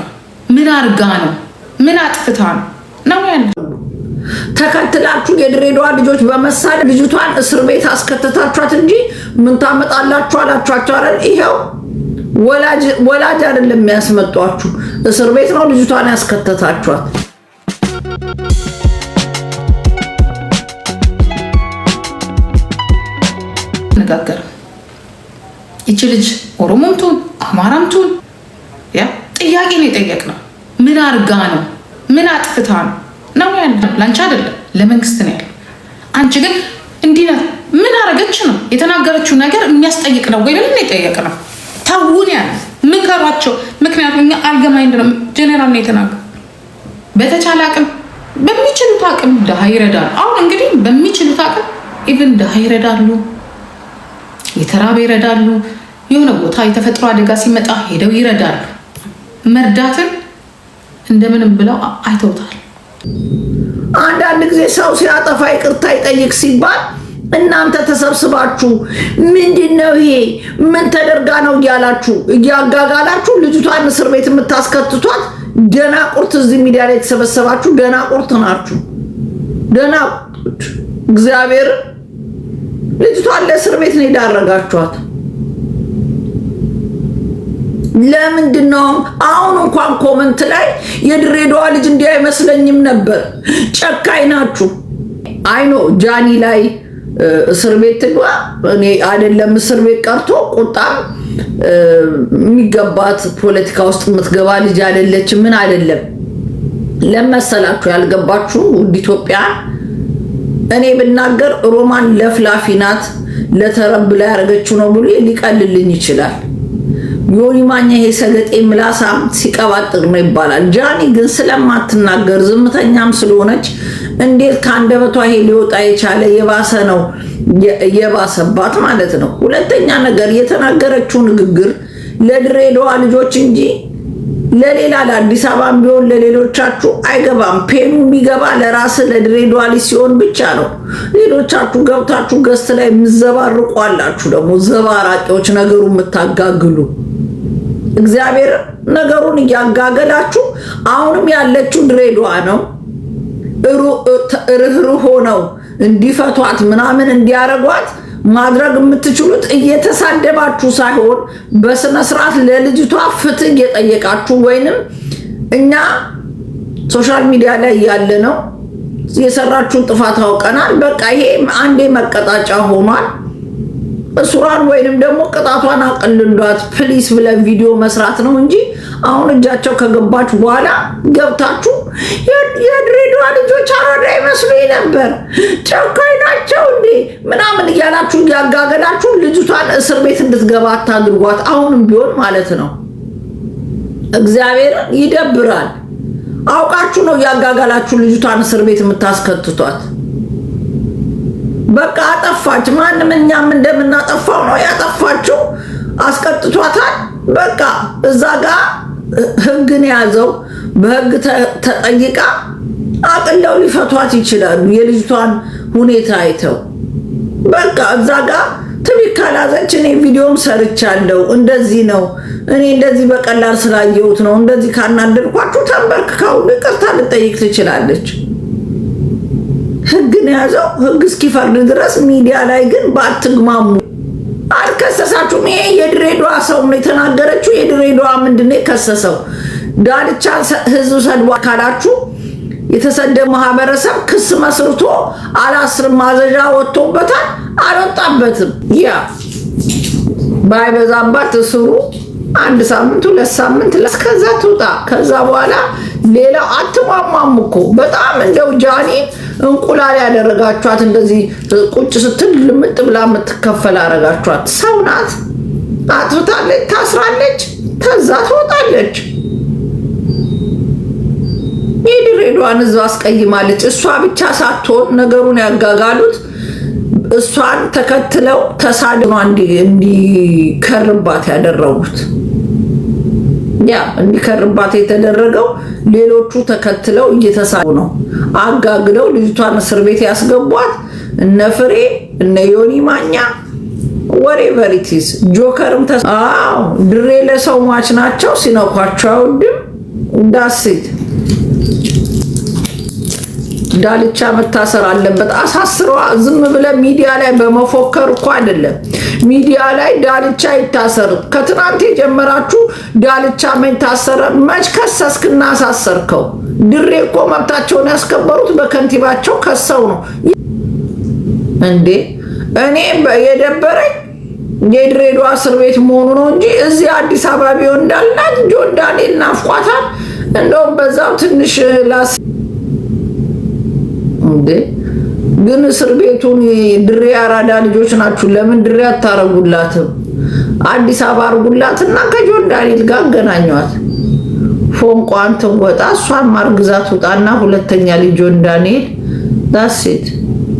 ነው ምን አርጋ ነው? ምን አጥፍታ ነው ነው ተከትላችሁ የድሬዳዋ ልጆች በመሳል ልጅቷን እስር ቤት አስከተታችኋት እንጂ ምን ታመጣላችሁ አላችኋቸው አይደል? ይኸው ወላጅ አይደለም የሚያስመጧችሁ፣ እስር ቤት ነው ልጅቷን ያስከተታችኋት። ነጋገር ይቺ ልጅ ኦሮሞምቱን አማራምቱን ያ ጥያቄ ነው የጠየቅነው። ምን አርጋ ነው? ምን አጥፍታ ነው? ነው ያ ለአንቺ አይደለም ለመንግስት ነው ያለ። አንቺ ግን እንዲህ ምን አረገች ነው የተናገረችው ነገር የሚያስጠይቅ ነው ወይ ብለን የጠየቅነው። ተውን ያለ ምከሯቸው። ምክንያቱም እኛ አልገማኝ ነው ጀኔራል ነው የተናገረው። በተቻለ አቅም በሚችሉት አቅም ድሃ ይረዳሉ። አሁን እንግዲህ በሚችሉት አቅም ኢቭን ድሃ ይረዳሉ፣ የተራበ ይረዳሉ። የሆነ ቦታ የተፈጥሮ አደጋ ሲመጣ ሄደው ይረዳሉ። መርዳትን እንደምንም ብለው አይተውታል። አንዳንድ ጊዜ ሰው ሲያጠፋ ይቅርታ ይጠይቅ ሲባል እናንተ ተሰብስባችሁ ምንድን ነው ይሄ ምን ተደርጋ ነው እያላችሁ እያጋጋላችሁ ልጅቷን እስር ቤት የምታስከትቷት ቁርት እዚህ ሚዲያ ላይ የተሰበሰባችሁ ቁርት ናችሁ። ደናቁርት እግዚአብሔር ልጅቷን ለእስር ቤት ነው የዳረጋችኋት። ለምንድን ነው አሁን እንኳን ኮመንት ላይ የድሬዳዋ ልጅ እንዲህ አይመስለኝም ነበር፣ ጨካኝ ናችሁ። አይኖ ጃኒ ላይ እስር ቤት ትግባ። እኔ አይደለም እስር ቤት ቀርቶ ቁጣም የሚገባት ፖለቲካ ውስጥ የምትገባ ልጅ አይደለች። ምን አይደለም ለመሰላችሁ ያልገባችሁ ውድ ኢትዮጵያ፣ እኔ ብናገር ሮማን ለፍላፊ ናት ለተረብ ላይ ያደረገችው ነው ብሎ ሊቀልልኝ ይችላል። ዮኒ ማኛ ይሄ ሰገጤ ምላሳ ሲቀባጥር ነው ይባላል። ጃኒ ግን ስለማትናገር ዝምተኛም ስለሆነች እንዴት ከአንደበቷ ይሄ ሊወጣ የቻለ የባሰ ነው የባሰባት ማለት ነው። ሁለተኛ ነገር የተናገረችው ንግግር ለድሬዳዋ ልጆች እንጂ ለሌላ ለአዲስ አበባም ቢሆን ለሌሎቻችሁ አይገባም። ፔኑ የሚገባ ለራስ ለድሬዳዋ ልጅ ሲሆን ብቻ ነው። ሌሎቻችሁ ገብታችሁ ገስት ላይ የምዘባርቁ አላችሁ፣ ደግሞ ዘባራቂዎች ነገሩ የምታጋግሉ እግዚአብሔር ነገሩን እያጋገላችሁ አሁንም ያለችው ድሬዳዋ ነው። ርኅሩህ ሆነው እንዲፈቷት ምናምን እንዲያረጓት ማድረግ የምትችሉት እየተሳደባችሁ ሳይሆን በስነ ስርዓት ለልጅቷ ፍትህ እየጠየቃችሁ ወይንም እኛ ሶሻል ሚዲያ ላይ ያለ ነው የሰራችሁን ጥፋት አውቀናል፣ በቃ ይሄ አንዴ መቀጣጫ ሆኗል እስሯን ወይንም ደግሞ ቅጣቷን አቅልሏት ፕሊስ ብለን ቪዲዮ መስራት ነው እንጂ አሁን እጃቸው ከገባች በኋላ ገብታችሁ የድሬዳዋ ልጆች አራዳ ይመስሉ ነበር፣ ጨካኝ ናቸው እንዴ ምናምን እያላችሁ እያጋገላችሁ ልጅቷን እስር ቤት እንድትገባ አታድርጓት። አሁንም ቢሆን ማለት ነው። እግዚአብሔርን ይደብራል። አውቃችሁ ነው እያጋጋላችሁ ልጅቷን እስር ቤት የምታስከትቷት። በቃ አጠፋች። ማንም እኛም እንደምናጠፋው ነው ያጠፋችው። አስቀጥቷታል። በቃ እዛ ጋ ህግን የያዘው በህግ ተጠይቃ አቅለው ሊፈቷት ይችላሉ። የልጅቷን ሁኔታ አይተው በቃ እዛ ጋ ትቢት ካላዘች እኔ ቪዲዮም ሰርቻለሁ። እንደዚህ ነው እኔ እንደዚህ በቀላል ስላየሁት ነው እንደዚህ ካናደድኳችሁ ተንበርክካው ይቅርታ ልጠይቅ ትችላለች። ህግን የያዘው ህግ እስኪፈርድ ድረስ ሚዲያ ላይ ግን ባትግማሙ አልከሰሳችሁም። ይሄ የድሬዳዋ ሰው ነው የተናገረችው። የድሬዳዋ ምንድን ነው የከሰሰው? ዳርቻ ህዝብ ሰድቦ ካላችሁ የተሰደ ማህበረሰብ ክስ መስርቶ አላስር ማዘዣ ወጥቶበታል። አልወጣበትም። ያ ባይበዛባት እስሩ አንድ ሳምንት ሁለት ሳምንት ከዛ ትውጣ። ከዛ በኋላ ሌላው አትሟሟም እኮ በጣም እንደው ጃኒ እንቁላል ያደረጋችኋት እንደዚህ ቁጭ ስትል ልምጥ ብላ የምትከፈል አረጋችኋት። ሰው ናት። አጥፍታለች፣ ታስራለች፣ ተዛ ትወጣለች። የድሬዳዋን ሕዝብ አስቀይማለች። እሷ ብቻ ሳትሆን ነገሩን ያጋጋሉት እሷን ተከትለው ተሳድኗ እንዲከርባት ያደረጉት ያ እንዲከርባት የተደረገው ሌሎቹ ተከትለው እየተሳሉ ነው። አጋግደው ልጅቷን እስር ቤት ያስገቧት እነ ፍሬ እነ ዮኒ ማኛ ወሬ ቨሪቲስ ጆከርም ተ አዎ ድሬ ለሰው ሟች ናቸው ሲነኳቸው አይወድም ዳሴት ዳልቻ መታሰር አለበት። አሳስሮ ዝም ብለ ሚዲያ ላይ በመፎከር እኮ አይደለም። ሚዲያ ላይ ዳልቻ ይታሰር። ከትናንት የጀመራችሁ ዳልቻ መች ታሰረ? መች ከሰስክና አሳሰርከው? ድሬ እኮ መብታቸውን ያስከበሩት በከንቲባቸው ከሰው ነው እንዴ? እኔ የደበረኝ የድሬዳዋ እስር ቤት መሆኑ ነው እንጂ እዚህ አዲስ አበባ ቢሆን እንዳልናት ጆን ዳንኤል ናፍቋታል። እንደውም በዛው ትንሽ ላስ እንዴ ግን እስር ቤቱን ድሬ አራዳ ልጆች ናችሁ፣ ለምን ድሬ አታረጉላትም? አዲስ አበባ አርጉላትና ከጆርዳኒት ጋር አገናኟት። ፎንቋን ትወጣ እሷን ማርግዛት ውጣና ሁለተኛ ልጅ ጆርዳኒት ዳሴት